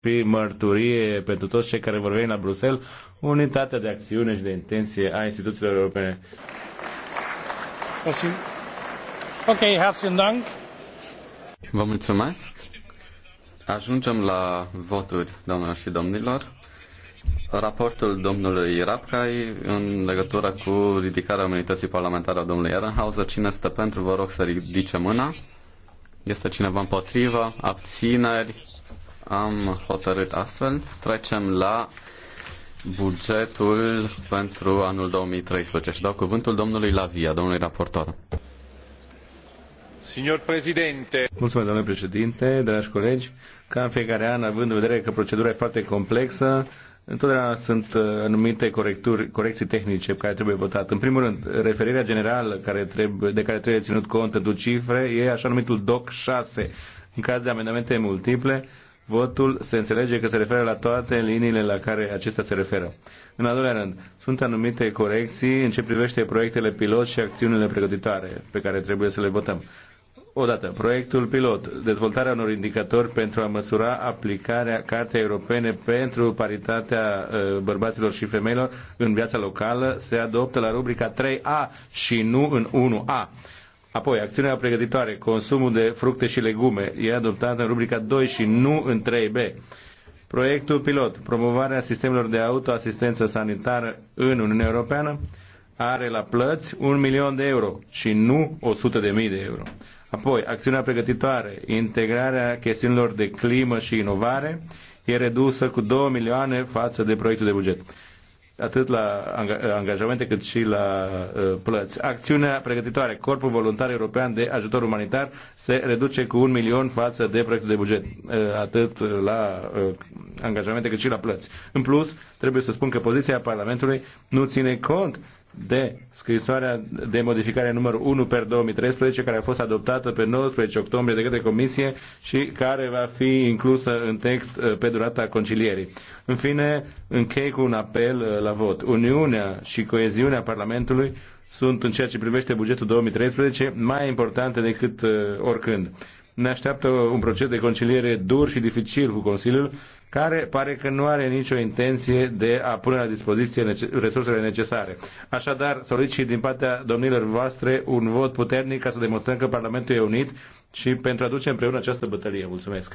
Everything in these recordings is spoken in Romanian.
fi mărturie pentru toți cei care vor veni la Bruxelles unitatea de acțiune și de intenție a instituțiilor europene. Ok, herzlichen Dank. Vă mulțumesc. Ajungem la voturi, doamnelor și domnilor. Raportul domnului Rapcai în legătură cu ridicarea unității parlamentare a domnului Ehrenhauser. Cine este pentru, vă rog să ridice mâna. Este cineva împotrivă? Abțineri? am hotărât astfel. Trecem la bugetul pentru anul 2013 și dau cuvântul domnului Lavia, domnului raportor. Signor Presidente. Mulțumesc, domnule președinte, dragi colegi. Ca în fiecare an, având în vedere că procedura e foarte complexă, Întotdeauna sunt uh, anumite corecturi, corecții tehnice care trebuie votate. În primul rând, referirea generală care trebuie, de care trebuie ținut cont în cifre e așa numitul DOC 6. În caz de amendamente multiple, Votul se înțelege că se referă la toate liniile la care acesta se referă. În al doilea rând, sunt anumite corecții în ce privește proiectele pilot și acțiunile pregătitoare pe care trebuie să le votăm. Odată, proiectul pilot, dezvoltarea unor indicatori pentru a măsura aplicarea Cartei Europene pentru paritatea uh, bărbaților și femeilor în viața locală se adoptă la rubrica 3A și nu în 1A Apoi, acțiunea pregătitoare, consumul de fructe și legume, e adoptată în rubrica 2 și nu în 3B. Proiectul pilot, promovarea sistemelor de autoasistență sanitară în Uniunea Europeană, are la plăți un milion de euro și nu 100 de mii de euro. Apoi, acțiunea pregătitoare, integrarea chestiunilor de climă și inovare, e redusă cu 2 milioane față de proiectul de buget atât la angajamente cât și la uh, plăți. Acțiunea pregătitoare, Corpul Voluntar European de Ajutor Umanitar, se reduce cu un milion față de proiectul de buget, uh, atât la uh, angajamente cât și la plăți. În plus, trebuie să spun că poziția Parlamentului nu ține cont de scrisoarea de modificare numărul 1 per 2013 care a fost adoptată pe 19 octombrie de către Comisie și care va fi inclusă în text uh, pe durata concilierii. În fine, închei cu un apel uh, la vot. Uniunea și coeziunea Parlamentului sunt în ceea ce privește bugetul 2013 mai importante decât uh, oricând. Ne așteaptă un proces de conciliere dur și dificil cu Consiliul care pare că nu are nicio intenție de a pune la dispoziție resursele necesare. Așadar, solicit din partea domnilor voastre un vot puternic ca să demonstrăm că Parlamentul e unit și pentru a duce împreună această bătălie. Mulțumesc!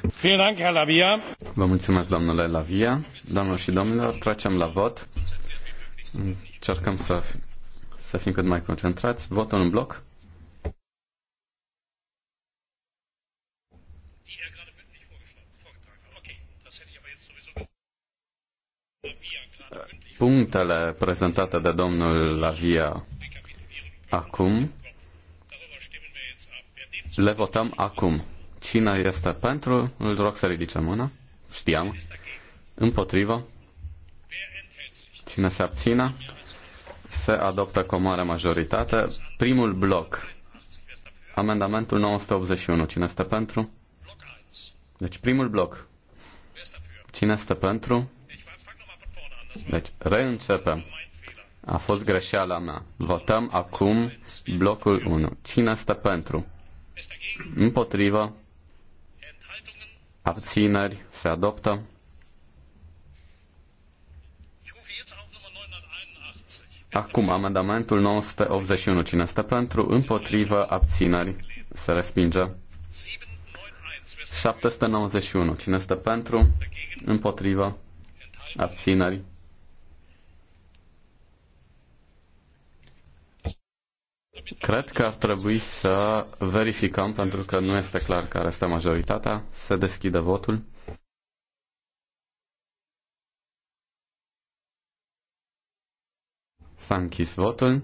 Vă mulțumesc, domnule Lavia. Doamnelor și domnilor, trecem la vot. Încercăm să, să fim cât mai concentrați. Votul în bloc. punctele prezentate de domnul Lavia acum, le votăm acum. Cine este pentru, îl rog să ridice mâna. Știam. Împotrivă. Cine se abține, se adoptă cu o mare majoritate. Primul bloc. Amendamentul 981. Cine este pentru? Deci primul bloc. Cine este pentru? Deci, reîncepem. A fost greșeala mea. Votăm acum blocul 1. Cine este pentru? Împotrivă? Abțineri? Se adoptă? Acum, amendamentul 981. Cine este pentru? Împotrivă? Abțineri? Se respinge? 791. Cine este pentru? Împotrivă? Abțineri? Cred că ar trebui să verificăm, pentru că nu este clar care este majoritatea, să deschidă votul. S-a închis votul.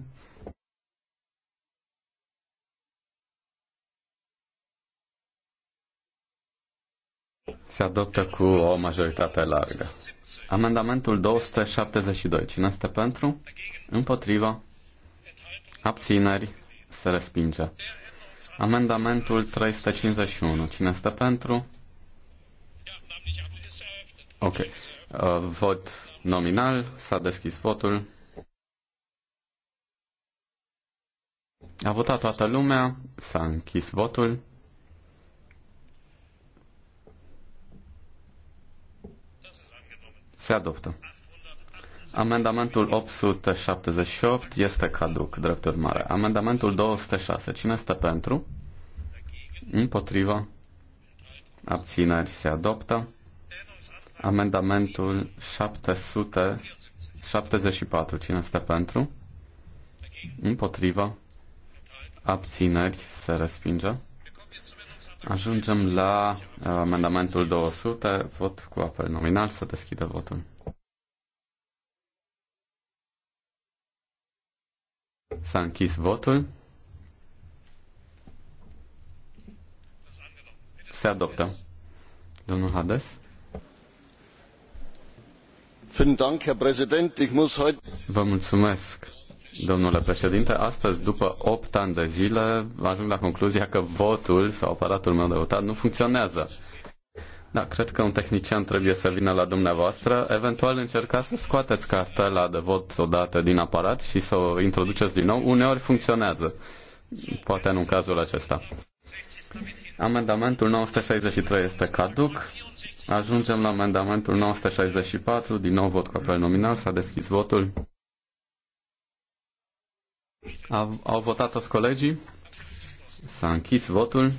Se adoptă cu o majoritate largă. Amendamentul 272. Cine este pentru? Împotriva? Abțineri? Se respinge. Amendamentul 351. Cine este pentru? Ok. Uh, vot nominal. S-a deschis votul. A votat toată lumea. S-a închis votul. Se adoptă. Amendamentul 878 este caduc, drept urmare. Amendamentul 206. Cine este pentru? Împotriva. Abțineri se adoptă. Amendamentul 774. Cine este pentru? Împotriva. Abțineri se respinge. Ajungem la uh, amendamentul 200. Vot cu apel nominal. Să deschidă votul. S-a închis votul. Se adoptă. Domnul Hades. Vă mulțumesc, domnule președinte. Astăzi, după opt ani de zile, ajung la concluzia că votul sau aparatul meu de votat nu funcționează da, cred că un tehnician trebuie să vină la dumneavoastră. Eventual încercați să scoateți cartela de vot odată din aparat și să o introduceți din nou. Uneori funcționează. Poate în în cazul acesta. Amendamentul 963 este caduc. Ajungem la amendamentul 964. Din nou vot cu apel nominal. S-a deschis votul. Au, au votat toți colegii? S-a închis votul.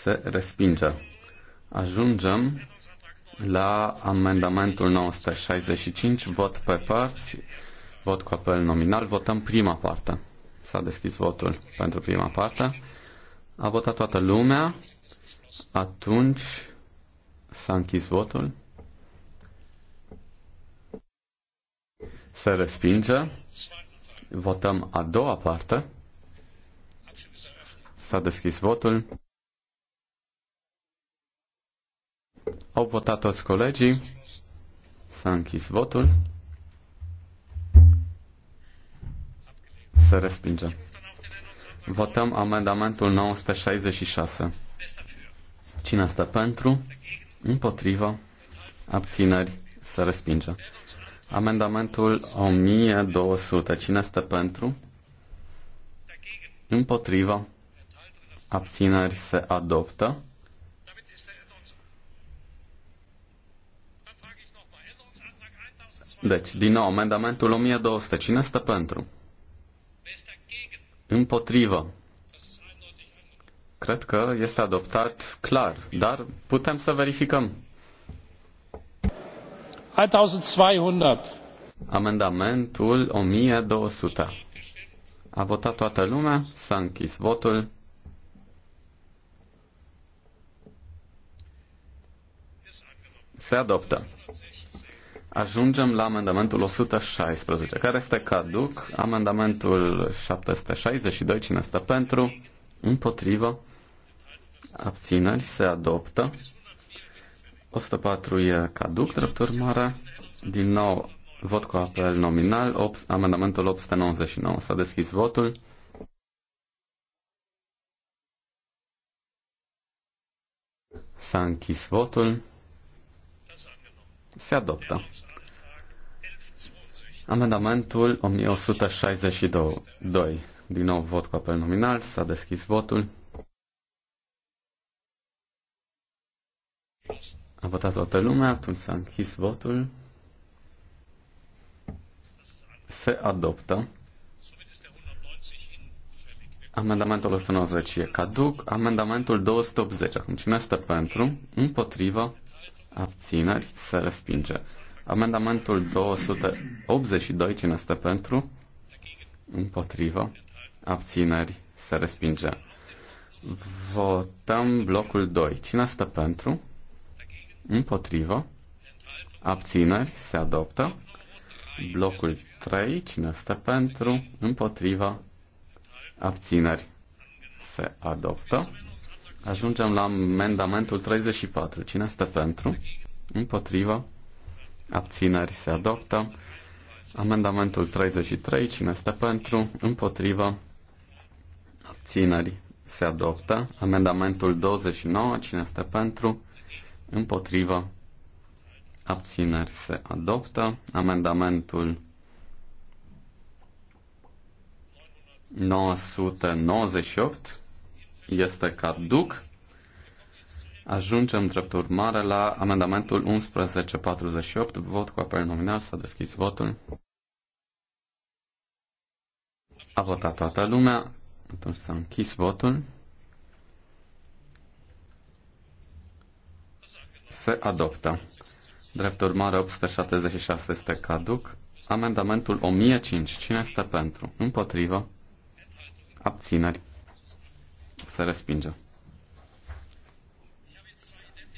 se respinge. Ajungem la amendamentul 965, vot pe părți, vot cu apel nominal, votăm prima parte. S-a deschis votul pentru prima parte. A votat toată lumea, atunci s-a închis votul. Se respinge. Votăm a doua parte. S-a deschis votul. Au votat toți colegii. S-a închis votul. Să respinge. Votăm amendamentul 966. Cine stă pentru? Împotrivă? Abțineri? Să respinge. Amendamentul 1200. Cine stă pentru? Împotrivă? Abțineri se adoptă. Deci, din nou, amendamentul 1200. Cine stă pentru? Împotrivă. Cred că este adoptat clar, dar putem să verificăm. 1200. Amendamentul 1200. A votat toată lumea, s-a închis votul. Se adoptă. Ajungem la amendamentul 116, care este caduc. Amendamentul 762, cine stă pentru? Împotrivă. Abțineri se adoptă. 104 e caduc, drept urmare. Din nou, vot cu apel nominal, 8, amendamentul 899. S-a deschis votul. S-a închis votul. Se adoptă. Amendamentul 1162. Din nou vot cu apel nominal. S-a deschis votul. A votat toată lumea, atunci s-a închis votul. Se adoptă. Amendamentul 190 e caduc. Amendamentul 280. Acum cine este pentru? Împotriva? abțineri, se respinge. Amendamentul 282, cine este pentru? Împotrivă, abțineri, se respinge. Votăm blocul 2. Cine este pentru? Împotrivă, abțineri, se adoptă. Blocul 3, cine este pentru? Împotrivă, abțineri, se adoptă. Ajungem la amendamentul 34. Cine este pentru? Împotriva? Abțineri se adoptă. Amendamentul 33. Cine este pentru? Împotriva? Abțineri se adoptă. Amendamentul 29. Cine este pentru? Împotriva? Abțineri se adoptă. Amendamentul 998 este caduc. Ajungem, drept urmare, la amendamentul 1148. Vot cu apel nominal. S-a deschis votul. A votat toată lumea. Atunci s-a închis votul. Se adoptă. Drept urmare, 876 este caduc. Amendamentul 1005. Cine este pentru? Împotrivă? Abțineri. Se respinge.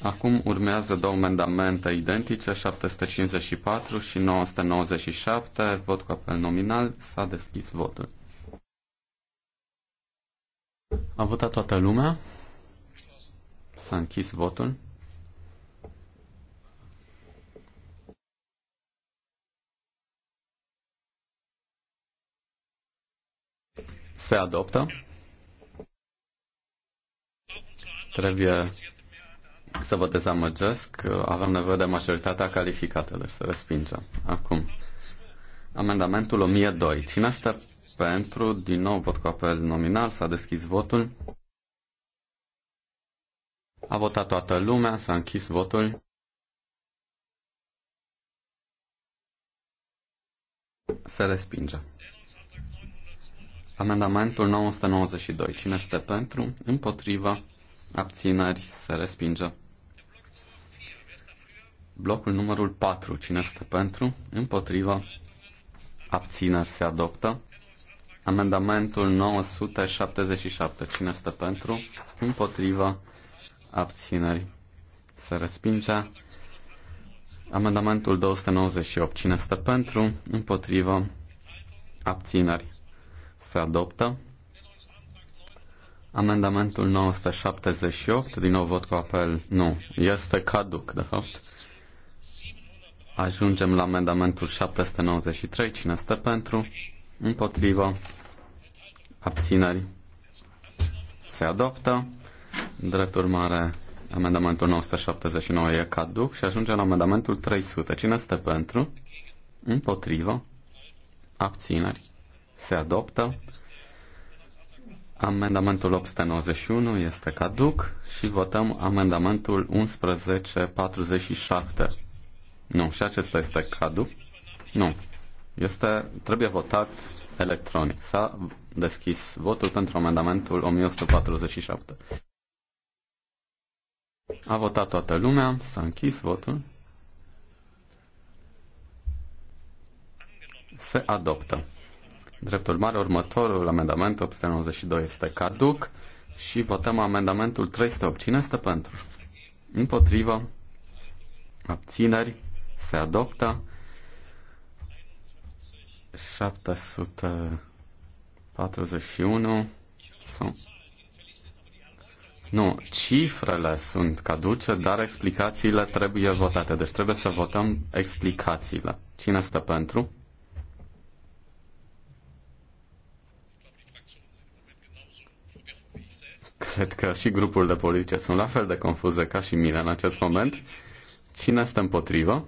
Acum urmează două amendamente identice, 754 și 997. Vot cu apel nominal. S-a deschis votul. A votat toată lumea. S-a închis votul. Se adoptă. Trebuie să vă dezamăgesc, avem nevoie de majoritatea calificată, deci să respingem. Acum, amendamentul 1002. Cine este pentru? Din nou vot cu apel nominal, s-a deschis votul. A votat toată lumea, s-a închis votul. Se respinge. Amendamentul 992. Cine este pentru? Împotriva? abțineri, se respinge. Blocul numărul 4, cine este pentru? Împotriva, abțineri, se adoptă. Amendamentul 977, cine este pentru? Împotriva, abțineri, se respinge. Amendamentul 298, cine este pentru? Împotriva, abțineri, se adoptă. Amendamentul 978, din nou vot cu apel, nu, este caduc, de fapt. Ajungem la amendamentul 793, cine este pentru, împotrivă, abțineri, se adoptă. Drept urmare, amendamentul 979 e caduc și ajungem la amendamentul 300. Cine este pentru? Împotrivă, abțineri, se adoptă. Amendamentul 891 este caduc și votăm amendamentul 1147. Nu, și acesta este caduc. Nu. Este, trebuie votat electronic. S-a deschis votul pentru amendamentul 1147. A votat toată lumea, s-a închis votul. Se adoptă. Drept urmare, următorul amendament 892 este caduc și votăm amendamentul 308. Cine este pentru? Împotrivă. Abțineri. Se adoptă. 741. sunt. Nu, cifrele sunt caduce, dar explicațiile trebuie votate. Deci trebuie să votăm explicațiile. Cine este pentru? Cred că și grupul de politice sunt la fel de confuze ca și mine în acest moment. Cine este împotrivă?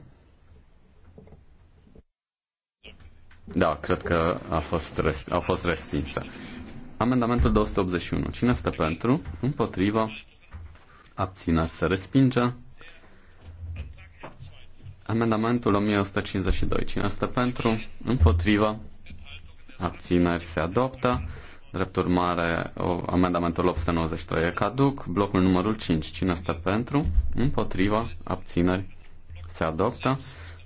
Da, cred că a fost, resp- a fost respinsă. Amendamentul 281. Cine este pentru? Împotrivă? Abțineri se respinge. Amendamentul 1152. Cine este pentru? Împotrivă? Abțineri se adoptă. Drept urmare, amendamentul 893 e caduc. Blocul numărul 5. Cine este pentru? Împotriva. Abțineri. Se adoptă.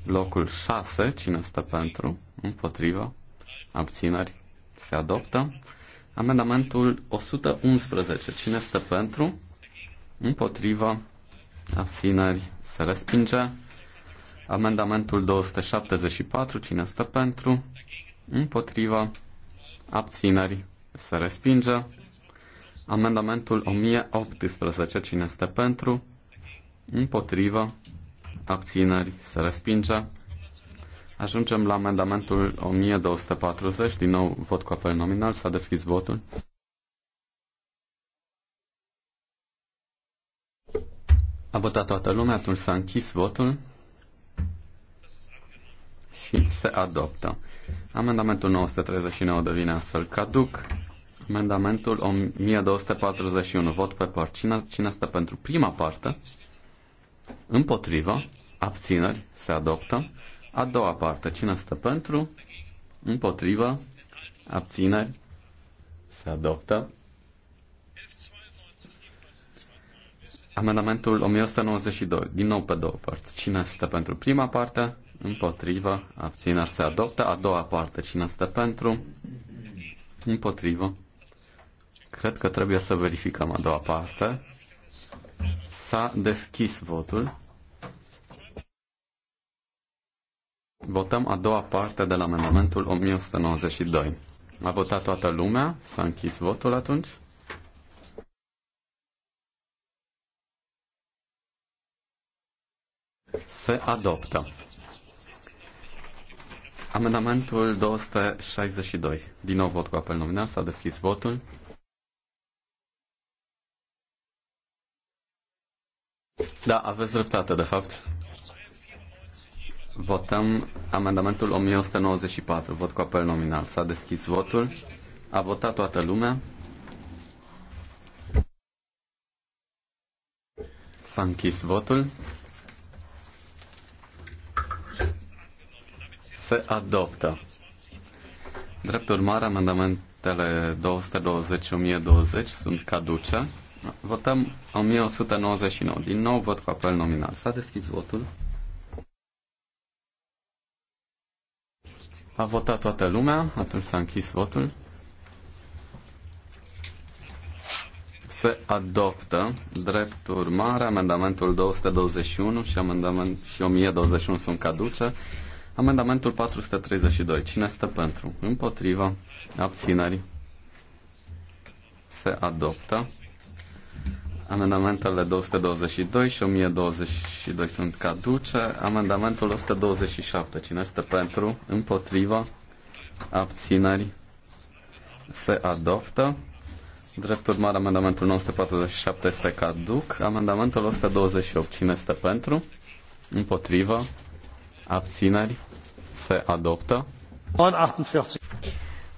Blocul 6. Cine este pentru? Împotriva. Abțineri. Se adoptă. Amendamentul 111. Cine este pentru? Împotriva. Abțineri. Se respinge. Amendamentul 274. Cine este pentru? Împotriva. Abțineri se respinge. Amendamentul 1018, cine este pentru, împotrivă, abțineri, se respinge. Ajungem la amendamentul 1240, din nou vot cu apel nominal, s-a deschis votul. A votat toată lumea, atunci s-a închis votul și se adoptă. Amendamentul 939 devine astfel caduc. Amendamentul 1241, vot pe părți. Cine, cine stă pentru prima parte? Împotrivă, abțineri, se adoptă. A doua parte, cine stă pentru? Împotrivă, abțineri, se adoptă. Amendamentul 1192, din nou pe două părți. Cine stă pentru prima parte? împotrivă, abțineri se adoptă. A doua parte, cine este pentru, împotrivă. Cred că trebuie să verificăm a doua parte. S-a deschis votul. Votăm a doua parte de la amendamentul 1192. A votat toată lumea? S-a închis votul atunci? Se adoptă. Amendamentul 262. Din nou vot cu apel nominal. S-a deschis votul. Da, aveți dreptate, de fapt. Votăm amendamentul 1194. Vot cu apel nominal. S-a deschis votul. A votat toată lumea. S-a închis votul. se adoptă. Drept urmare, amendamentele 220-1020 sunt caduce. Votăm 1199. Din nou vot cu apel nominal. S-a deschis votul. A votat toată lumea, atunci s-a închis votul. Se adoptă, drept urmare, amendamentul 221 și amendament și 1021 sunt caduce. Amendamentul 432. Cine stă pentru? Împotriva. Abțineri. Se adoptă. Amendamentele 222 și 1022 sunt caduce. Amendamentul 127. Cine este pentru? Împotriva? Abțineri? Se adoptă. Drept urmare, amendamentul 947 este caduc. Amendamentul 128. Cine este pentru? Împotriva? Abțineri? se adoptă.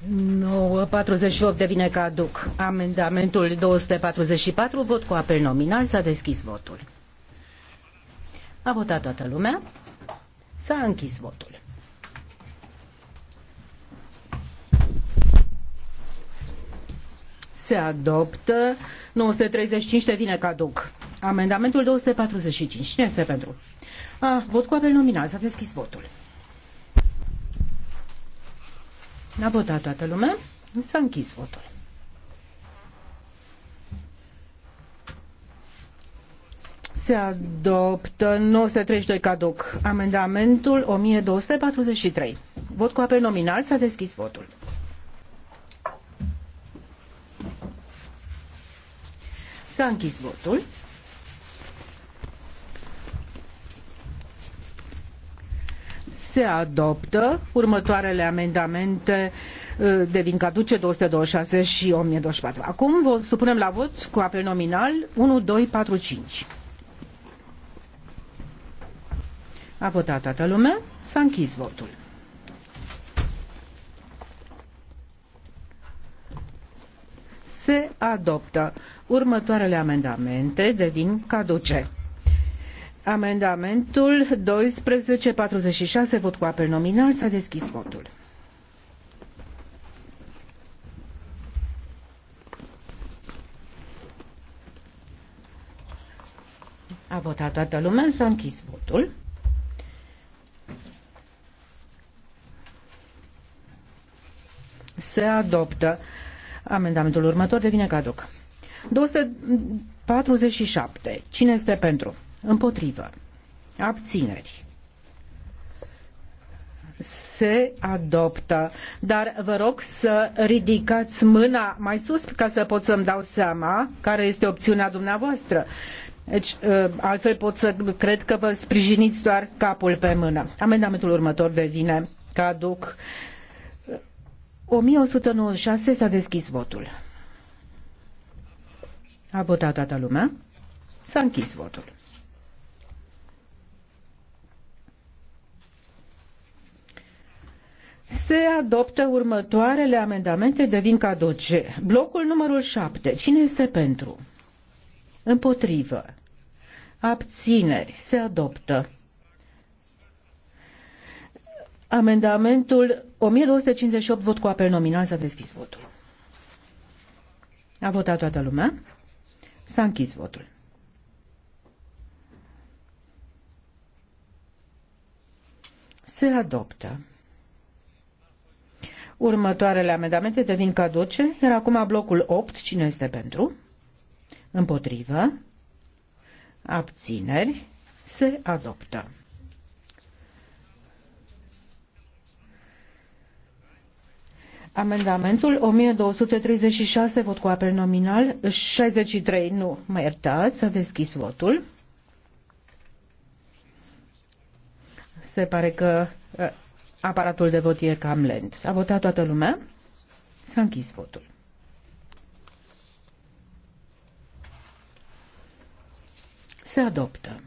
948 devine caduc. Amendamentul 244, vot cu apel nominal, s-a deschis votul. A votat toată lumea, s-a închis votul. Se adoptă, 935 devine caduc. Amendamentul 245, cine este pentru? A, vot cu apel nominal, s-a deschis votul. A votat toată lumea? S-a închis votul. Se adoptă 932 caduc. Amendamentul 1243. Vot cu apel nominal. S-a deschis votul. S-a închis votul. se adoptă. Următoarele amendamente uh, devin caduce 226 și 1024. Acum vă supunem la vot cu apel nominal 1245. A votat toată lumea, s-a închis votul. Se adoptă. Următoarele amendamente devin caduce. Amendamentul 1246, vot cu apel nominal, s-a deschis votul. A votat toată lumea, s-a închis votul. Se adoptă. Amendamentul următor devine caduc. 247. Cine este pentru? Împotrivă. Abțineri. Se adoptă. Dar vă rog să ridicați mâna mai sus ca să pot să-mi dau seama care este opțiunea dumneavoastră. Deci, ă, altfel pot să cred că vă sprijiniți doar capul pe mână. Amendamentul următor devine caduc. 1196 ă, s-a deschis votul. A votat toată lumea. S-a închis votul. Se adoptă următoarele amendamente, de devin doge. Blocul numărul 7. Cine este pentru? Împotrivă. Abțineri. Se adoptă. Amendamentul 1258, vot cu apel nominal, s-a deschis votul. A votat toată lumea. S-a închis votul. Se adoptă. Următoarele amendamente devin caduce, iar acum blocul 8, cine este pentru? Împotrivă. Abțineri. Se adoptă. Amendamentul 1236, vot cu apel nominal, 63, nu, mă iertați, s-a deschis votul. Se pare că uh, aparatul de vot e cam lent. A votat toată lumea? S-a închis votul. Se adoptă.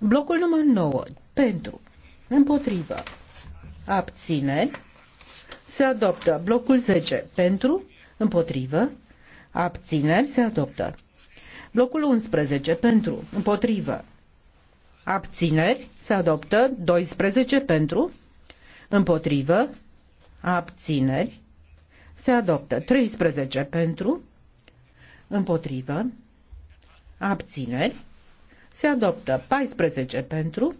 Blocul numărul 9. Pentru. Împotrivă. Abțineri. Se adoptă. Blocul 10. Pentru. Împotrivă. Abțineri. Se adoptă. Blocul 11 pentru, împotrivă. Abțineri se adoptă 12 pentru, împotrivă. Abțineri se adoptă 13 pentru, împotrivă. Abțineri se adoptă 14 pentru,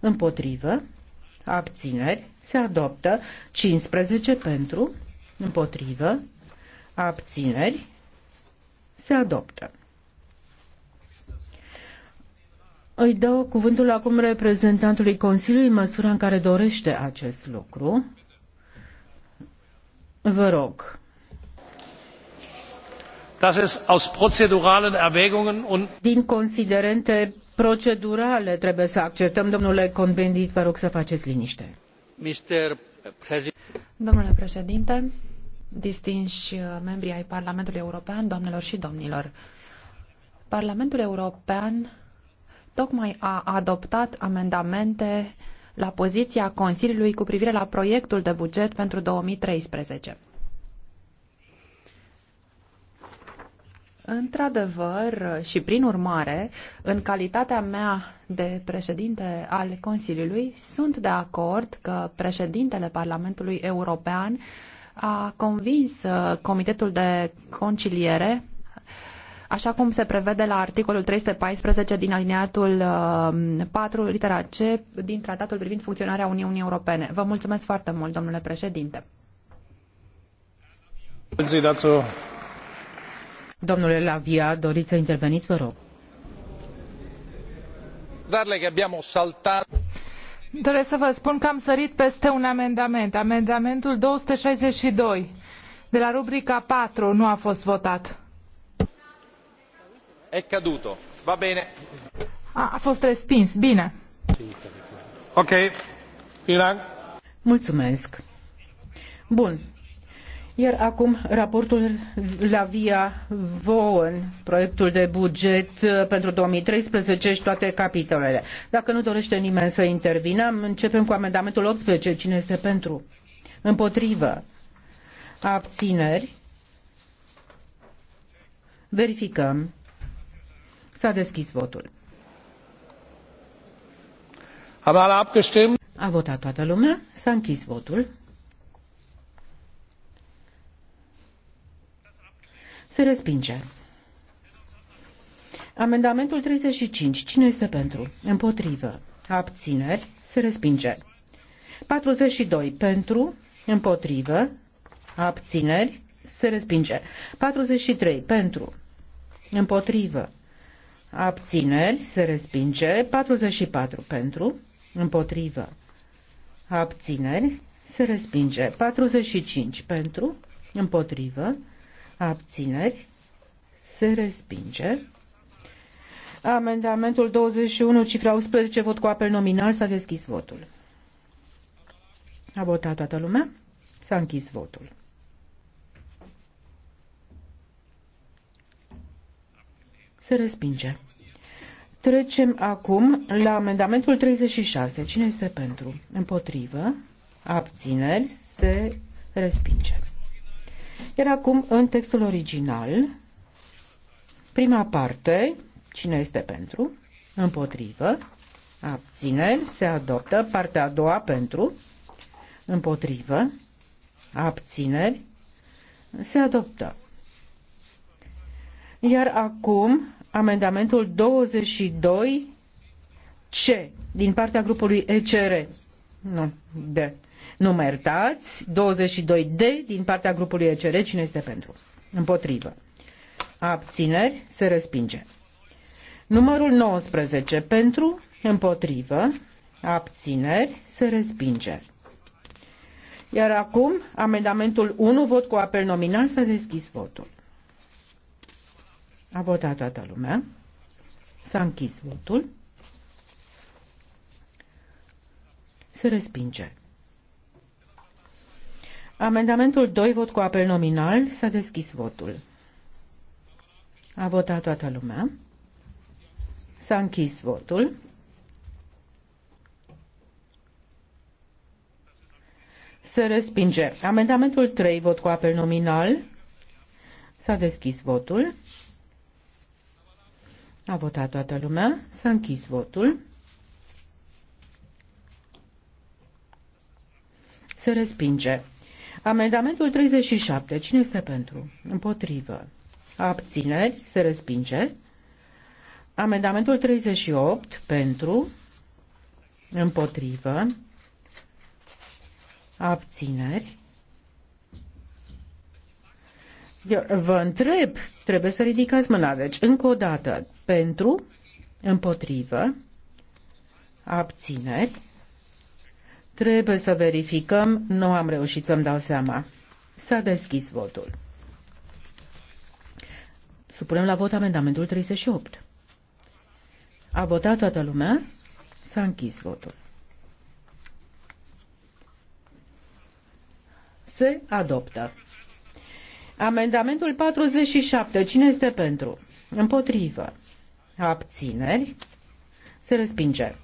împotrivă. Abțineri se adoptă 15 pentru, împotrivă. Abțineri se adoptă. Îi dau cuvântul acum reprezentantului Consiliului în măsura în care dorește acest lucru. Vă rog. Das ist aus proceduralen Erwägungen und Din considerente procedurale trebuie să acceptăm, domnule Convendit, vă rog să faceți liniște. Mr. Domnule președinte, distinși uh, membri ai Parlamentului European, doamnelor și domnilor, Parlamentul European tocmai a adoptat amendamente la poziția Consiliului cu privire la proiectul de buget pentru 2013. Într-adevăr, și prin urmare, în calitatea mea de președinte al Consiliului, sunt de acord că președintele Parlamentului European a convins uh, Comitetul de Conciliere așa cum se prevede la articolul 314 din aliniatul 4, um, litera C, din Tratatul privind funcționarea Uniunii Europene. Vă mulțumesc foarte mult, domnule președinte. Domnule Lavia, doriți să interveniți, vă rog. Darle că abbiamo saltat Doresc să vă spun că am sărit peste un amendament, amendamentul 262, de la rubrica 4, nu a fost votat. È caduto. Va bene. Ah, a fost respins. Bine. Ok. Ilan. Mulțumesc. Bun. Iar acum raportul la via Vaughan, proiectul de buget uh, pentru 2013 și toate capitolele. Dacă nu dorește nimeni să intervină, începem cu amendamentul 18. Cine este pentru? Împotrivă. Abțineri. Verificăm. S-a deschis votul. Am alle abgestimmt? A votat toată lumea. S-a închis votul. Se respinge. Amendamentul 35. Cine este pentru? Împotrivă. Abțineri. Se respinge. 42. Pentru. Împotrivă. Abțineri. Se respinge. 43. Pentru. Împotrivă abțineri, se respinge. 44 pentru, împotrivă, abțineri, se respinge. 45 pentru, împotrivă, abțineri, se respinge. Amendamentul 21, cifra 11, vot cu apel nominal, s-a deschis votul. A votat toată lumea? S-a închis votul. Se respinge. Trecem acum la amendamentul 36. Cine este pentru? Împotrivă. Abțineri. Se respinge. Iar acum, în textul original, prima parte, cine este pentru? Împotrivă. Abțineri. Se adoptă. Partea a doua pentru. Împotrivă. Abțineri. Se adoptă. Iar acum amendamentul 22 C din partea grupului ECR. Nu, de Nu mă iertați. 22 D din partea grupului ECR. Cine este pentru? Împotrivă. Abțineri. Se respinge. Numărul 19 pentru, împotrivă, abțineri, se respinge. Iar acum, amendamentul 1, vot cu apel nominal, s-a deschis votul. A votat toată lumea. S-a închis votul. Se respinge. Amendamentul 2, vot cu apel nominal, s-a deschis votul. A votat toată lumea. S-a închis votul. Se respinge. Amendamentul 3, vot cu apel nominal, s-a deschis votul. A votat toată lumea. S-a închis votul. Se respinge. Amendamentul 37. Cine este pentru? Împotrivă. Abțineri. Se respinge. Amendamentul 38. Pentru. Împotrivă. Abțineri. Eu vă întreb, trebuie să ridicați mâna. Deci, încă o dată, pentru, împotrivă, abțineri. Trebuie să verificăm, nu am reușit să-mi dau seama. S-a deschis votul. Supunem la vot amendamentul 38. A votat toată lumea? S-a închis votul. Se adoptă. Amendamentul 47. Cine este pentru? Împotrivă abțineri, se respinge.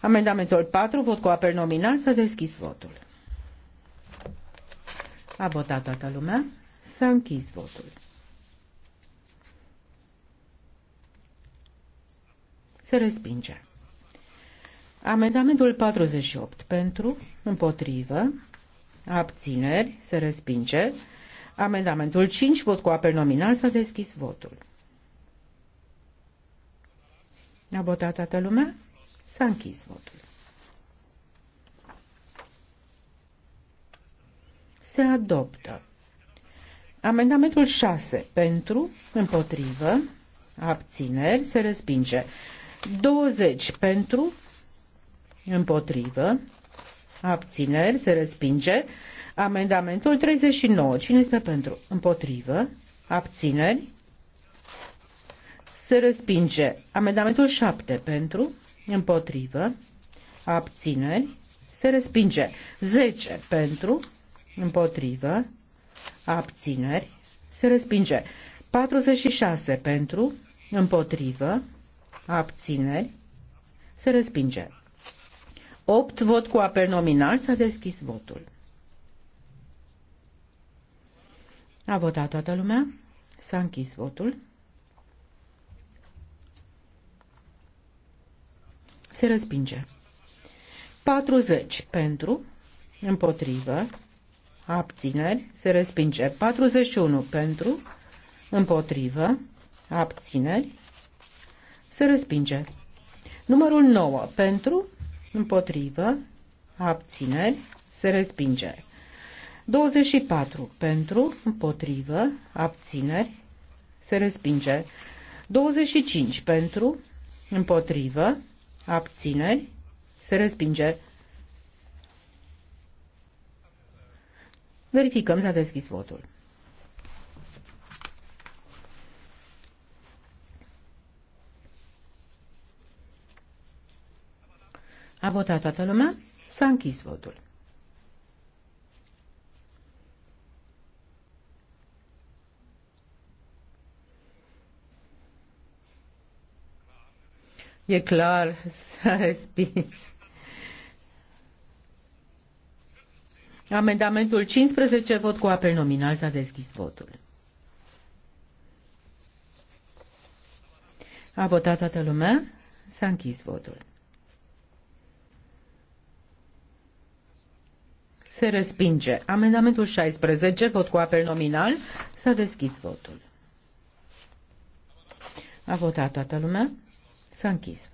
Amendamentul 4, vot cu apel nominal, s-a deschis votul. A votat toată lumea, s-a închis votul. Se respinge. Amendamentul 48 pentru, împotrivă, abțineri, se respinge. Amendamentul 5, vot cu apel nominal, s-a deschis votul. A votat toată lumea? S-a închis votul. Se adoptă. Amendamentul 6 pentru, împotrivă, abțineri, se respinge. 20 pentru, împotrivă, abțineri, se respinge. Amendamentul 39, cine este pentru, împotrivă, abțineri, se respinge. Amendamentul 7 pentru, împotrivă, abțineri, se respinge. 10 pentru, împotrivă, abțineri, se respinge. 46 pentru, împotrivă, abțineri, se respinge. 8 vot cu apel nominal s-a deschis votul. A votat toată lumea? S-a închis votul. se respinge. 40 pentru, împotrivă, abțineri, se respinge. 41 pentru, împotrivă, abțineri, se respinge. Numărul 9 pentru, împotrivă, abțineri, se respinge. 24 pentru, împotrivă, abțineri, se respinge. 25 pentru, împotrivă, abțineri, se respinge. Verificăm, s-a deschis votul. A votat toată lumea? S-a închis votul. E clar, s-a respins. Amendamentul 15, vot cu apel nominal, s-a deschis votul. A votat toată lumea, s-a închis votul. Se respinge. Amendamentul 16, vot cu apel nominal, s-a deschis votul. A votat toată lumea, S-a închis.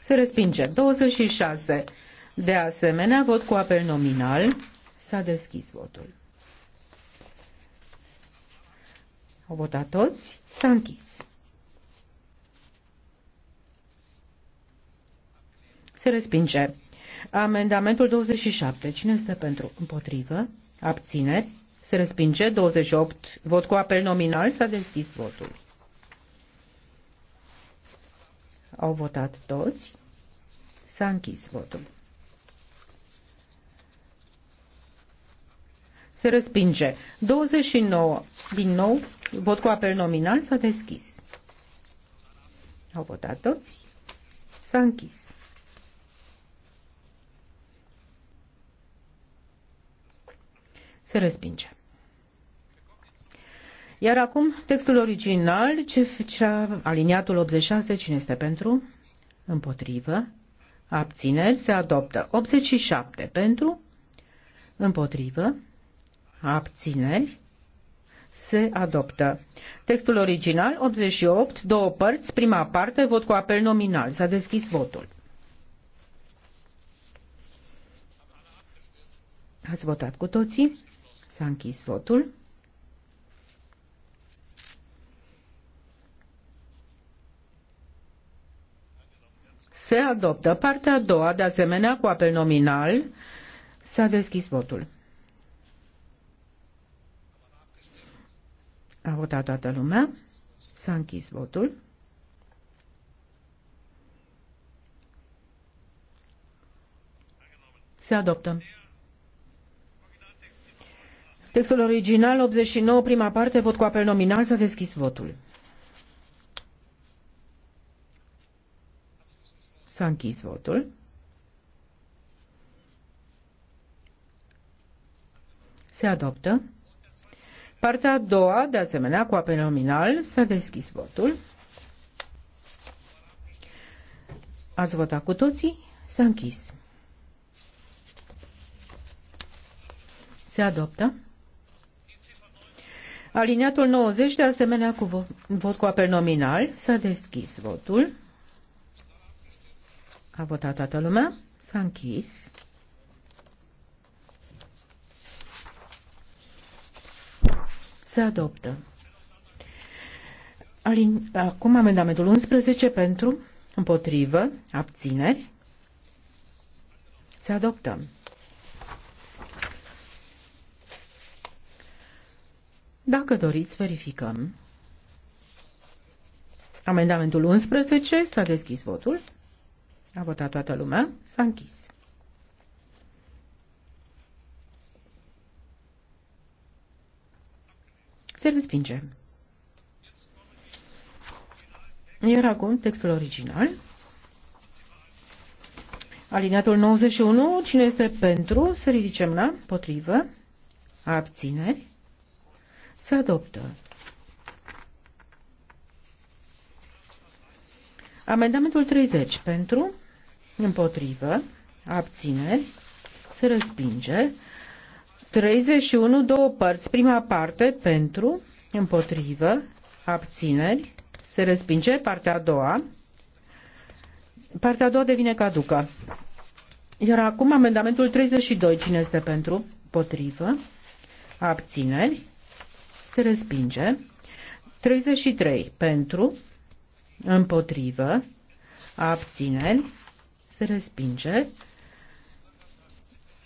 Se respinge. 26. De asemenea, vot cu apel nominal. S-a deschis votul. Au votat toți. S-a închis. Se respinge. Amendamentul 27. Cine este pentru? Împotrivă? Abțineri? Se respinge 28. Vot cu apel nominal. S-a deschis votul. Au votat toți. S-a închis votul. Se respinge 29. Din nou, vot cu apel nominal s-a deschis. Au votat toți. S-a închis. Se respinge. Iar acum textul original, ce, făcea aliniatul 86, cine este pentru? Împotrivă. Abțineri se adoptă. 87 pentru. Împotrivă. Abțineri se adoptă. Textul original, 88, două părți, prima parte, vot cu apel nominal. S-a deschis votul. Ați votat cu toții? S-a închis votul. Se adoptă partea a doua, de asemenea, cu apel nominal. S-a deschis votul. A votat toată lumea. S-a închis votul. Se adoptă. Textul original, 89, prima parte, vot cu apel nominal, s-a deschis votul. S-a închis votul. Se adoptă. Partea a doua, de asemenea, cu apel nominal, s-a deschis votul. Ați votat cu toții? S-a închis. Se adoptă. Aliniatul 90, de asemenea, cu vot, vot cu apel nominal. S-a deschis votul. A votat toată lumea. S-a închis. Se adoptă. Alin... Acum amendamentul 11 pentru, împotrivă, abțineri. Se adoptă. Dacă doriți, verificăm. Amendamentul 11 s-a deschis votul. A votat toată lumea, s-a închis. Se respinge. Iar acum textul original. Alineatul 91, cine este pentru, să ridice mâna, potrivă, abțineri, se adoptă. Amendamentul 30 pentru, împotrivă, abțineri, se respinge. 31, două părți, prima parte pentru, împotrivă, abțineri, se respinge, partea a doua. Partea a doua devine caducă. Iar acum amendamentul 32, cine este pentru, împotrivă, abțineri, se respinge. 33 pentru, împotrivă, abțineri, se respinge.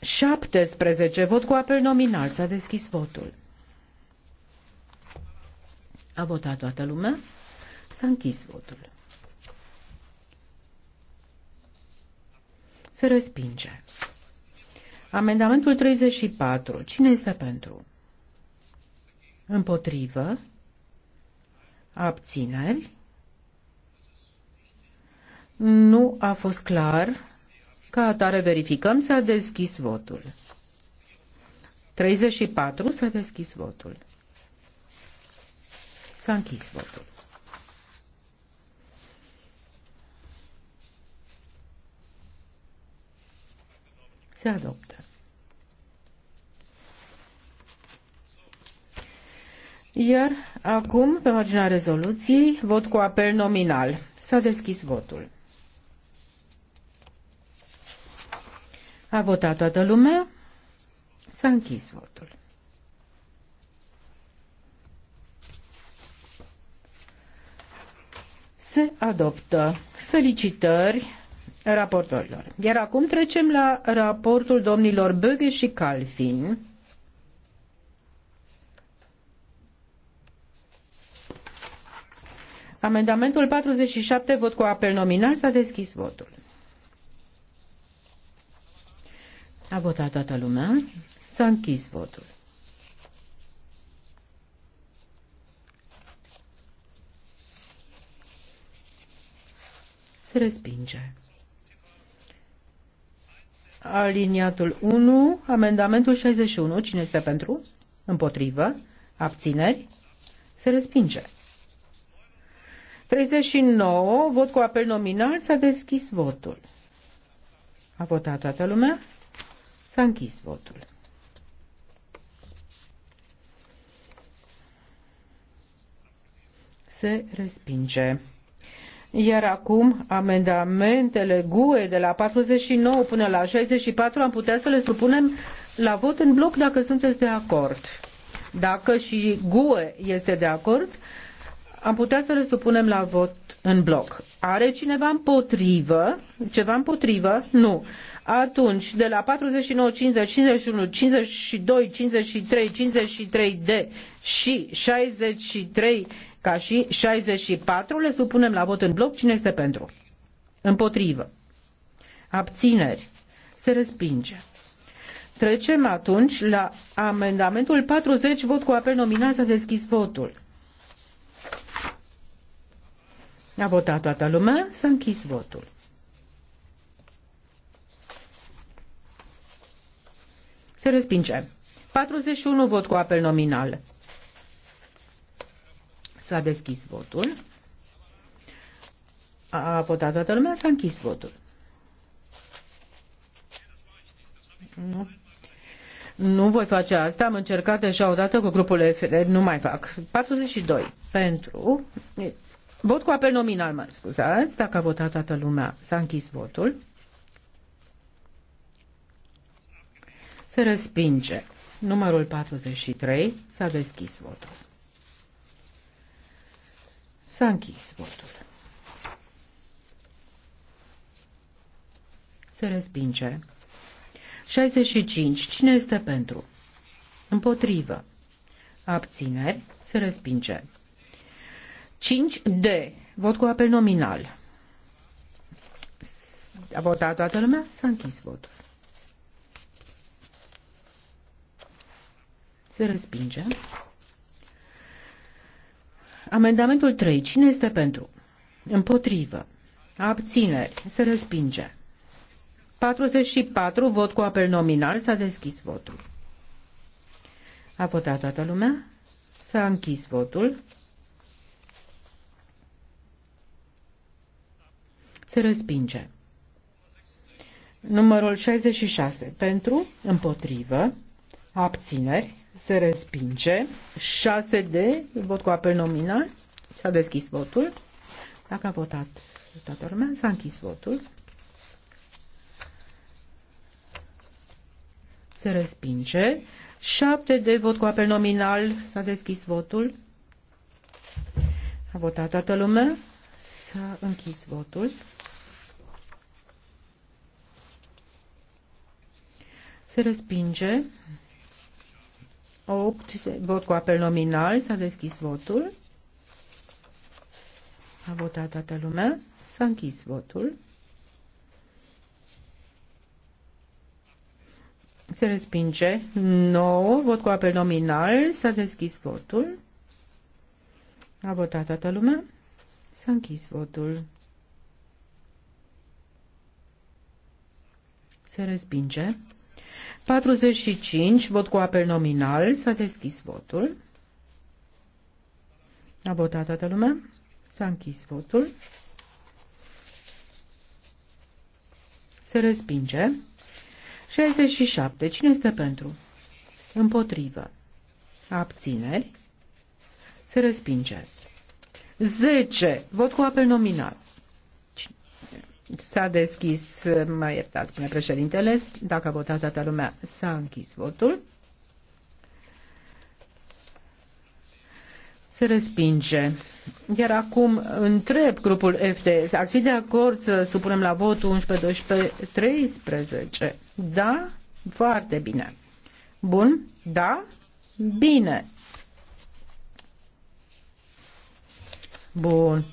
17 vot cu apel nominal, s-a deschis votul. A votat toată lumea, s-a închis votul. Se respinge. Amendamentul 34. Cine este pentru? împotrivă, abțineri. Nu a fost clar. Ca atare verificăm, s-a deschis votul. 34 s-a deschis votul. S-a închis votul. Se adoptă. Iar acum, pe marginea rezoluției, vot cu apel nominal. S-a deschis votul. A votat toată lumea? S-a închis votul. Se adoptă. Felicitări raportorilor. Iar acum trecem la raportul domnilor Böge și Calfin. Amendamentul 47, vot cu apel nominal, s-a deschis votul. A votat toată lumea, s-a închis votul. Se respinge. Aliniatul 1, amendamentul 61. Cine este pentru? Împotrivă? Abțineri? Se respinge. 39, vot cu apel nominal, s-a deschis votul. A votat toată lumea? S-a închis votul. Se respinge. Iar acum, amendamentele GUE de la 49 până la 64 am putea să le supunem la vot în bloc dacă sunteți de acord. Dacă și GUE este de acord, am putea să le supunem la vot în bloc. Are cineva împotrivă? Ceva împotrivă? Nu. Atunci, de la 49, 50, 51, 52, 53, 53 de și 63 ca și 64 le supunem la vot în bloc. Cine este pentru? Împotrivă. Abțineri. Se respinge. Trecem atunci la amendamentul 40, vot cu apel nominal, să deschis votul. A votat toată lumea, s-a închis votul. Se respinge. 41 vot cu apel nominal. S-a deschis votul. A votat toată lumea, s-a închis votul. Nu. nu voi face asta, am încercat deja odată cu grupul FL, nu mai fac. 42 pentru, Vot cu apel nominal, mă scuzați, dacă a votat toată lumea, s-a închis votul. Se respinge. Numărul 43 s-a deschis votul. S-a închis votul. Se respinge. 65. Cine este pentru? Împotrivă. Abțineri. Se respinge. 5D. Vot cu apel nominal. A votat toată lumea? S-a închis votul. Se respinge. Amendamentul 3. Cine este pentru? Împotrivă. Abțineri. Se respinge. 44. Vot cu apel nominal. S-a deschis votul. A votat toată lumea? S-a închis votul. se respinge. Numărul 66. Pentru, împotrivă, abțineri, se respinge. 6 de vot cu apel nominal. S-a deschis votul. Dacă a votat toată lumea, s-a închis votul. Se respinge. 7 de vot cu apel nominal. S-a deschis votul. A votat toată lumea. S-a închis votul. Se respinge. 8. Vot cu apel nominal. S-a deschis votul. A votat toată lumea. S-a închis votul. Se respinge. 9. Vot cu apel nominal. S-a deschis votul. A votat toată lumea. S-a închis votul. Se respinge. 45, vot cu apel nominal, s-a deschis votul. A votat toată lumea? S-a închis votul. Se respinge. 67. Cine este pentru? Împotrivă. Abțineri. Se respinge. 10. Vot cu apel nominal. S-a deschis, mai iertați, spune președintele, dacă a votat toată lumea, s-a închis votul. Se respinge. Iar acum întreb grupul FD, ați fi de acord să supunem la vot 11, 12, 13? Da? Foarte bine. Bun? Da? Bine. Bun.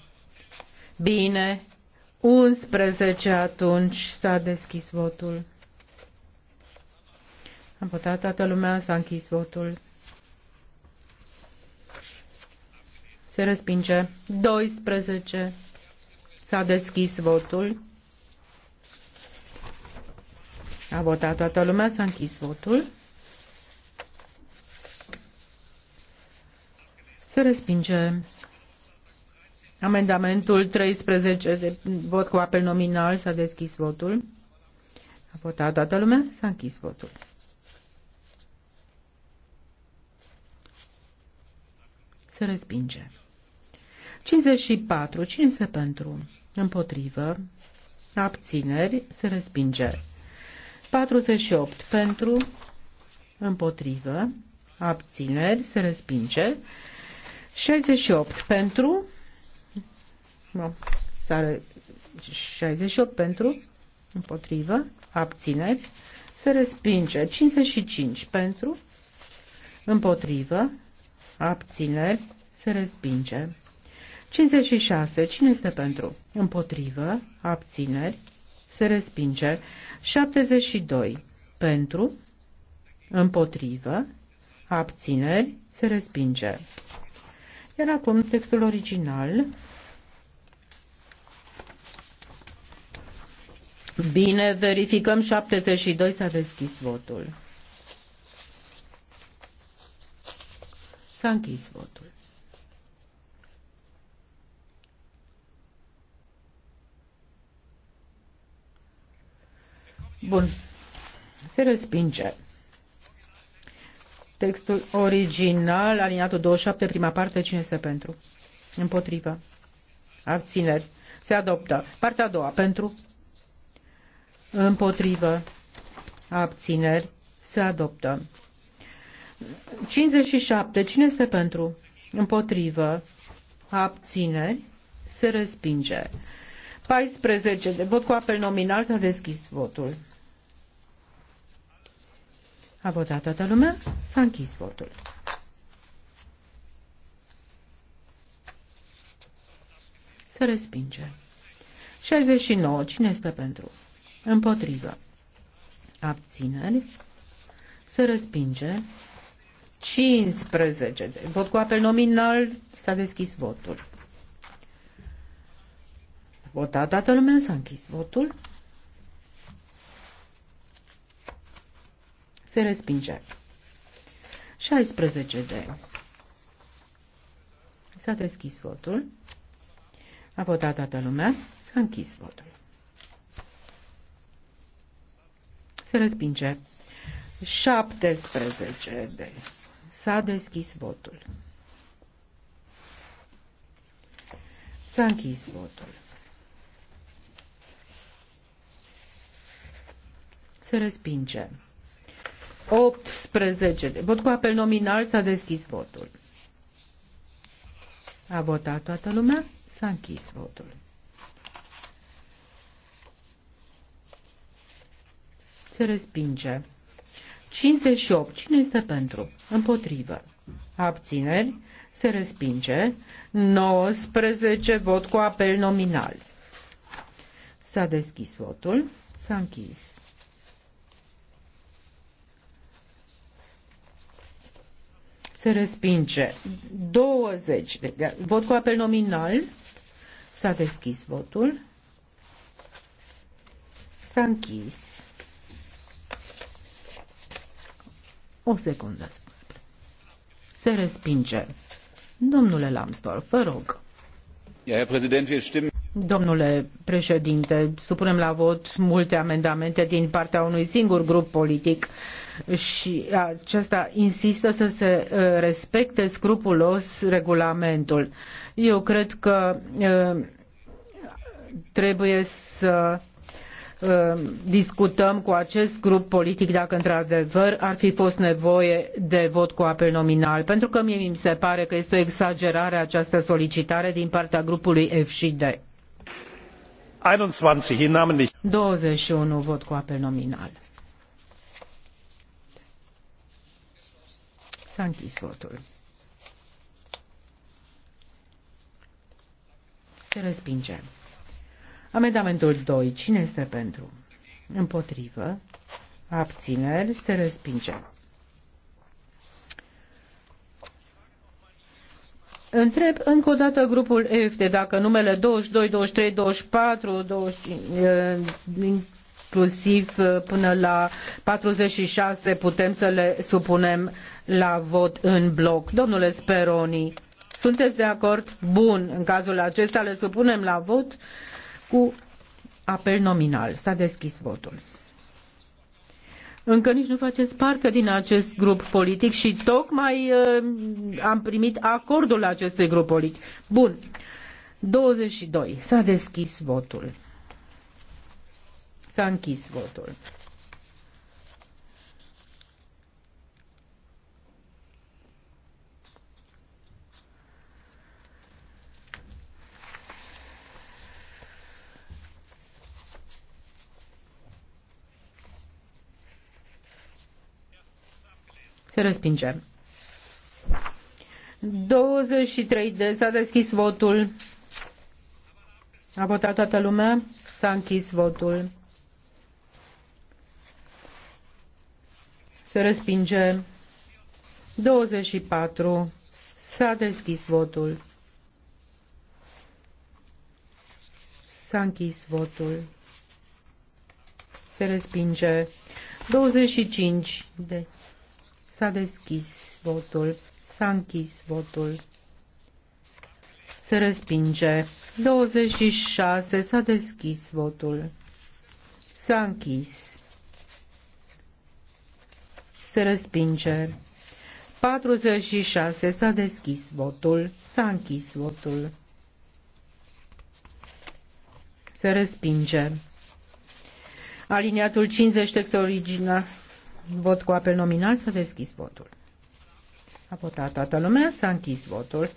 Bine. 11 atunci s-a deschis votul. Am votat toată lumea, s-a închis votul. Se respinge. 12 s-a deschis votul. A votat toată lumea, s-a închis votul. Se respinge. Amendamentul 13 de vot cu apel nominal s-a deschis votul. A votat toată lumea? S-a închis votul. Se respinge. 54. Cine este pentru? Împotrivă. Abțineri. Se respinge. 48. Pentru. Împotrivă. Abțineri. Se respinge. 68. Pentru. No. Sare 68 pentru, împotrivă, abțineri, se respinge. 55 pentru, împotrivă, abțineri, se respinge. 56. Cine este pentru? Împotrivă, abțineri, se respinge. 72. Pentru, împotrivă, abțineri, se respinge. Iar acum textul original Bine, verificăm 72, s-a deschis votul. S-a închis votul. Bun. Se respinge. Textul original, aliniatul 27, prima parte, cine este pentru? Împotrivă. Abțineri. Se adoptă. Partea a doua, pentru? Împotrivă. Abțineri. Se adoptă. 57. Cine este pentru? Împotrivă. Abțineri. Se respinge. 14. De vot cu apel nominal s-a deschis votul. A votat toată lumea? S-a închis votul. Se respinge. 69. Cine este pentru? Împotrivă. Abțineri. Se respinge. 15. Vot cu apel nominal. S-a deschis votul. Vota toată lumea, s-a închis votul. Se respinge. 16 de. S-a deschis votul. A votat toată lumea, s-a închis votul. Se respinge. 17. De. S-a deschis votul. S-a închis votul. Se respinge. 18. De. Vot cu apel nominal s-a deschis votul. A votat toată lumea? S-a închis votul. se respinge. 58. Cine este pentru? Împotrivă. Abțineri, se respinge. 19. Vot cu apel nominal. S-a deschis votul, s-a închis. Se respinge. 20. Vot cu apel nominal. S-a deschis votul. S-a închis. O secundă. Se respinge. Domnule Lambsdorff, vă rog. Ja, Herr Präsident, wir stimmen. Domnule președinte, supunem la vot multe amendamente din partea unui singur grup politic și acesta insistă să se uh, respecte scrupulos regulamentul. Eu cred că uh, trebuie să Uh, discutăm cu acest grup politic dacă într-adevăr ar fi fost nevoie de vot cu apel nominal, pentru că mie mi se pare că este o exagerare această solicitare din partea grupului F și D. 21, vot cu apel nominal. S-a închis votul. Se respinge. Amendamentul 2. Cine este pentru? Împotrivă. Abțineri. Se respinge. Întreb încă o dată grupul EFT dacă numele 22, 23, 24, 25, inclusiv eh, până la 46 putem să le supunem la vot în bloc. Domnule Speroni, sunteți de acord? Bun, în cazul acesta le supunem la vot cu apel nominal. S-a deschis votul. Încă nici nu faceți parte din acest grup politic și tocmai uh, am primit acordul acestui grup politic. Bun. 22. S-a deschis votul. S-a închis votul. Se respinge. 23 de. S-a deschis votul. A votat toată lumea. S-a închis votul. Se respinge. 24. S-a deschis votul. S-a închis votul. Se respinge. 25. De. S-a deschis votul. S-a închis votul. Se respinge. 26. S-a deschis votul. S-a închis. Se respinge. 46. S-a deschis votul. S-a închis votul. Se respinge. Aliniatul 50, text original. Vot cu apel nominal, să deschis votul. A votat toată lumea, s-a închis votul.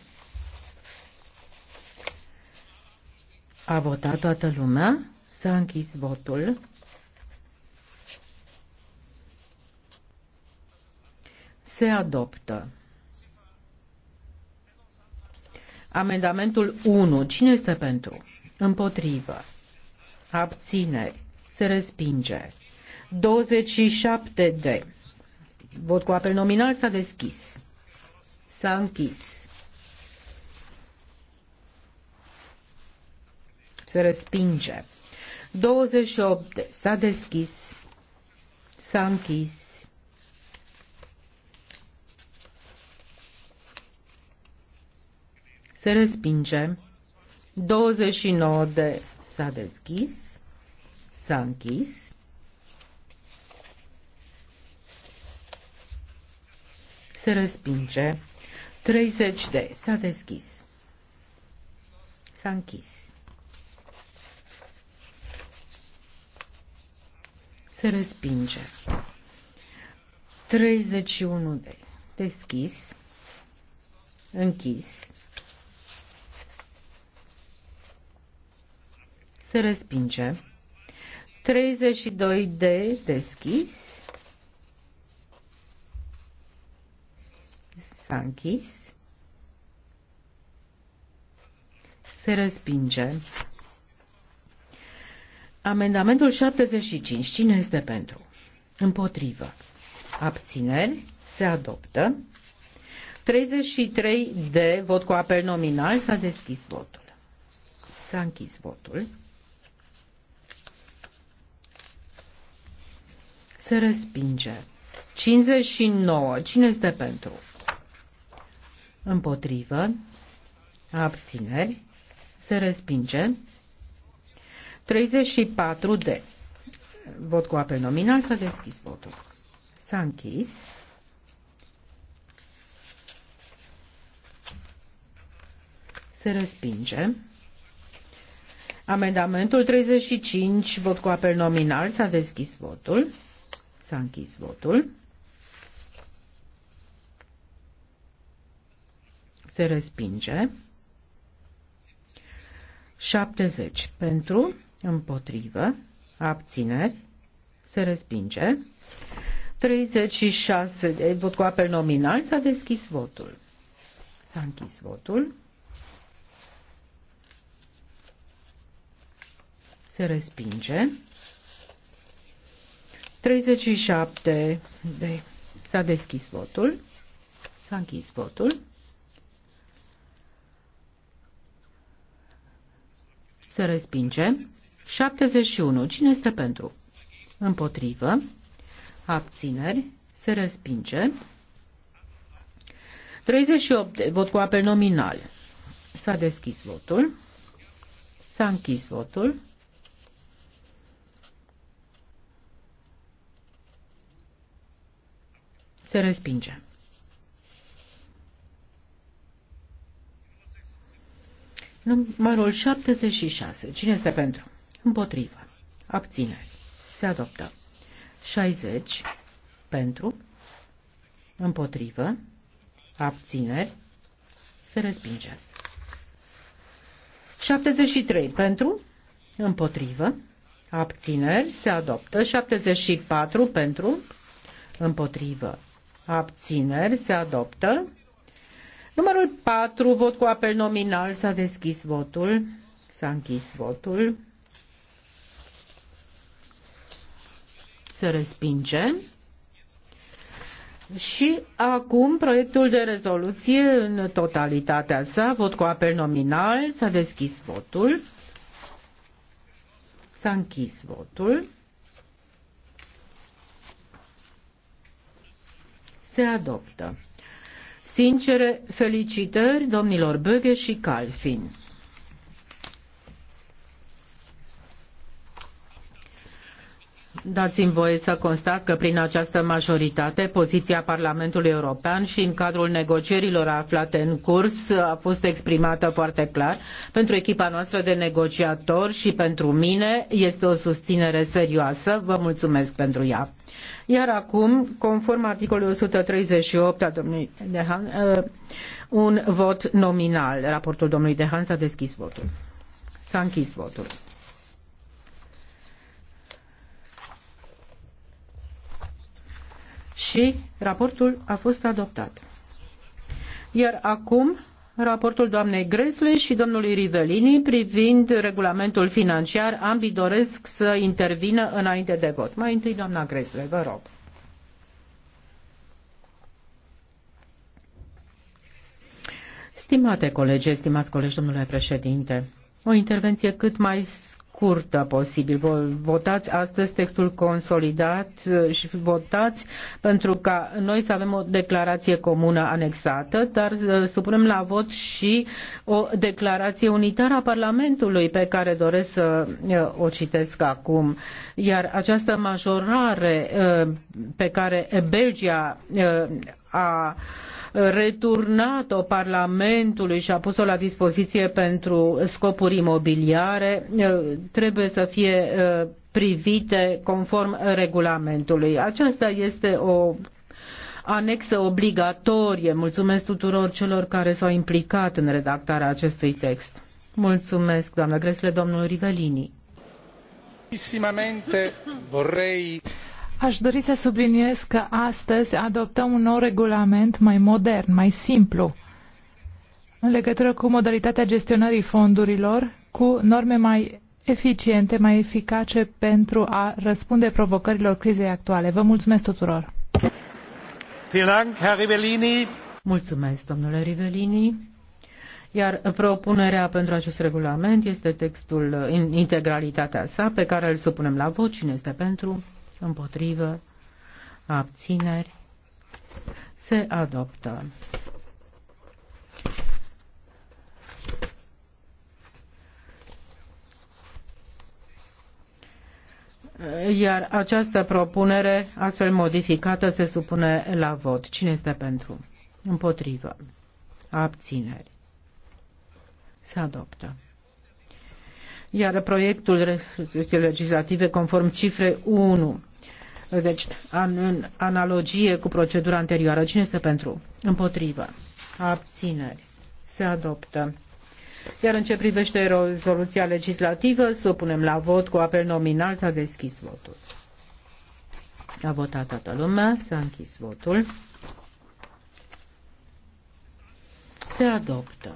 A votat toată lumea, s-a închis votul. Se adoptă. Amendamentul 1. Cine este pentru? Împotrivă. Abțineri. Se respinge. 27 de. Vot cu apel nominal s-a deschis. S-a închis. Se respinge. 28. S-a deschis. S-a închis. Se respinge. 29 de s-a deschis, s-a închis. se respinge. 30 de. S-a deschis. S-a închis. Se respinge. 31 de. Deschis. Închis. Se respinge. 32 de deschis S-a închis. Se respinge. Amendamentul 75. Cine este pentru? Împotrivă. Abțineri. Se adoptă. 33 de vot cu apel nominal. S-a deschis votul. S-a închis votul. Se respinge. 59. Cine este pentru? împotrivă, abțineri, se respinge. 34 de vot cu apel nominal, s-a deschis votul. S-a închis. Se respinge. Amendamentul 35, vot cu apel nominal, s-a deschis votul. S-a închis votul. se respinge. 70 pentru, împotrivă, abțineri, se respinge. 36 de eh, vot cu apel nominal, s-a deschis votul. S-a închis votul. Se respinge. 37 de S-a deschis votul. S-a închis votul. se respinge. 71. Cine este pentru? Împotrivă. Abțineri. Se respinge. 38. Vot cu apel nominal. S-a deschis votul. S-a închis votul. Se respinge. Numărul 76. Cine este pentru? Împotrivă. Abțineri. Se adoptă. 60. Pentru. Împotrivă. Abțineri. Se respinge. 73. Pentru. Împotrivă. Abțineri. Se adoptă. 74. Pentru. Împotrivă. Abțineri. Se adoptă. Numărul 4, vot cu apel nominal. S-a deschis votul. S-a închis votul. Se respinge. Și acum proiectul de rezoluție în totalitatea sa, vot cu apel nominal, s-a deschis votul, s-a închis votul, se adoptă. Sincere felicitări domnilor Böge și Calfin. Dați-mi voie să constat că prin această majoritate poziția Parlamentului European și în cadrul negocierilor aflate în curs a fost exprimată foarte clar. Pentru echipa noastră de negociatori și pentru mine este o susținere serioasă. Vă mulțumesc pentru ea. Iar acum, conform articolului 138 al domnului Dehan, uh, un vot nominal. Raportul domnului Dehan s-a deschis votul. S-a închis votul. și raportul a fost adoptat. Iar acum raportul doamnei Gresle și domnului Rivelini privind regulamentul financiar. Ambii doresc să intervină înainte de vot. Mai întâi, doamna Gresle, vă rog. Stimate colegi, stimați colegi, domnule președinte, o intervenție cât mai scurtă posibil. Votați astăzi textul consolidat uh, și votați pentru ca noi să avem o declarație comună anexată, dar uh, supunem la vot și o declarație unitară a Parlamentului pe care doresc să uh, o citesc acum. Iar această majorare pe care Belgia a returnat-o Parlamentului și a pus-o la dispoziție pentru scopuri imobiliare, trebuie să fie privite conform regulamentului. Aceasta este o anexă obligatorie. Mulțumesc tuturor celor care s-au implicat în redactarea acestui text. Mulțumesc, doamnă Gresle, domnul Rivelini. Vorrei Aș dori să subliniez că astăzi adoptăm un nou regulament mai modern, mai simplu, în legătură cu modalitatea gestionării fondurilor, cu norme mai eficiente, mai eficace pentru a răspunde provocărilor crizei actuale. Vă mulțumesc tuturor! Mulțumesc, domnule Rivelini. Iar propunerea pentru acest regulament este textul în integralitatea sa pe care îl supunem la vot. Cine este pentru? împotrivă, abțineri, se adoptă. Iar această propunere, astfel modificată, se supune la vot. Cine este pentru? Împotrivă. Abțineri. Se adoptă iar proiectul legislative conform cifrei 1 deci, în analogie cu procedura anterioară, cine este pentru? Împotrivă. Abțineri. Se adoptă. Iar în ce privește rezoluția legislativă, să o punem la vot cu apel nominal, s-a deschis votul. A votat toată lumea, s-a închis votul. Se adoptă.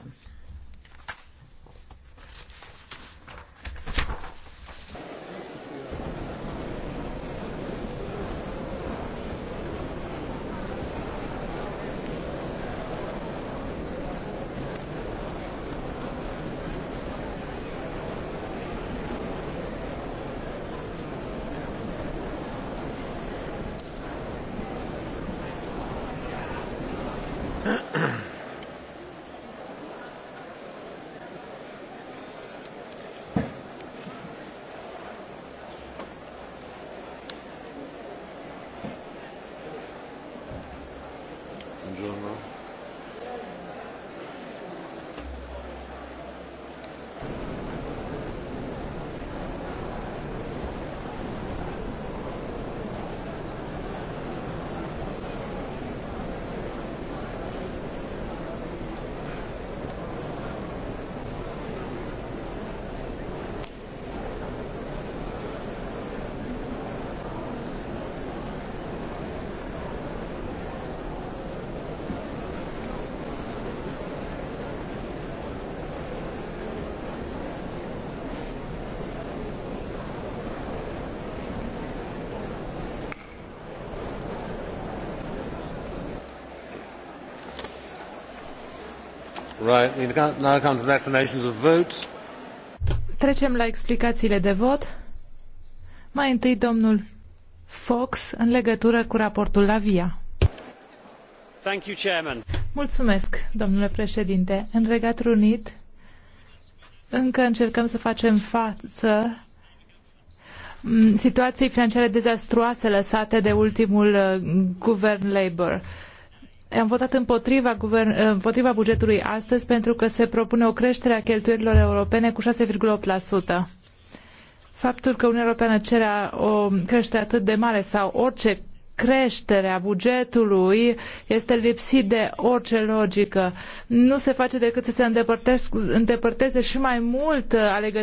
Trecem la explicațiile de vot. Mai întâi domnul Fox în legătură cu raportul la VIA. Mulțumesc, domnule președinte. În Regatul Unit încă încercăm să facem față situației financiare dezastruoase lăsate de ultimul uh, guvern Labour am votat împotriva, guvern, împotriva bugetului astăzi pentru că se propune o creștere a cheltuielilor europene cu 6,8%. Faptul că Uniunea Europeană cere o creștere atât de mare sau orice a bugetului este lipsit de orice logică. Nu se face decât să se îndepărteze și mai mult alegătorii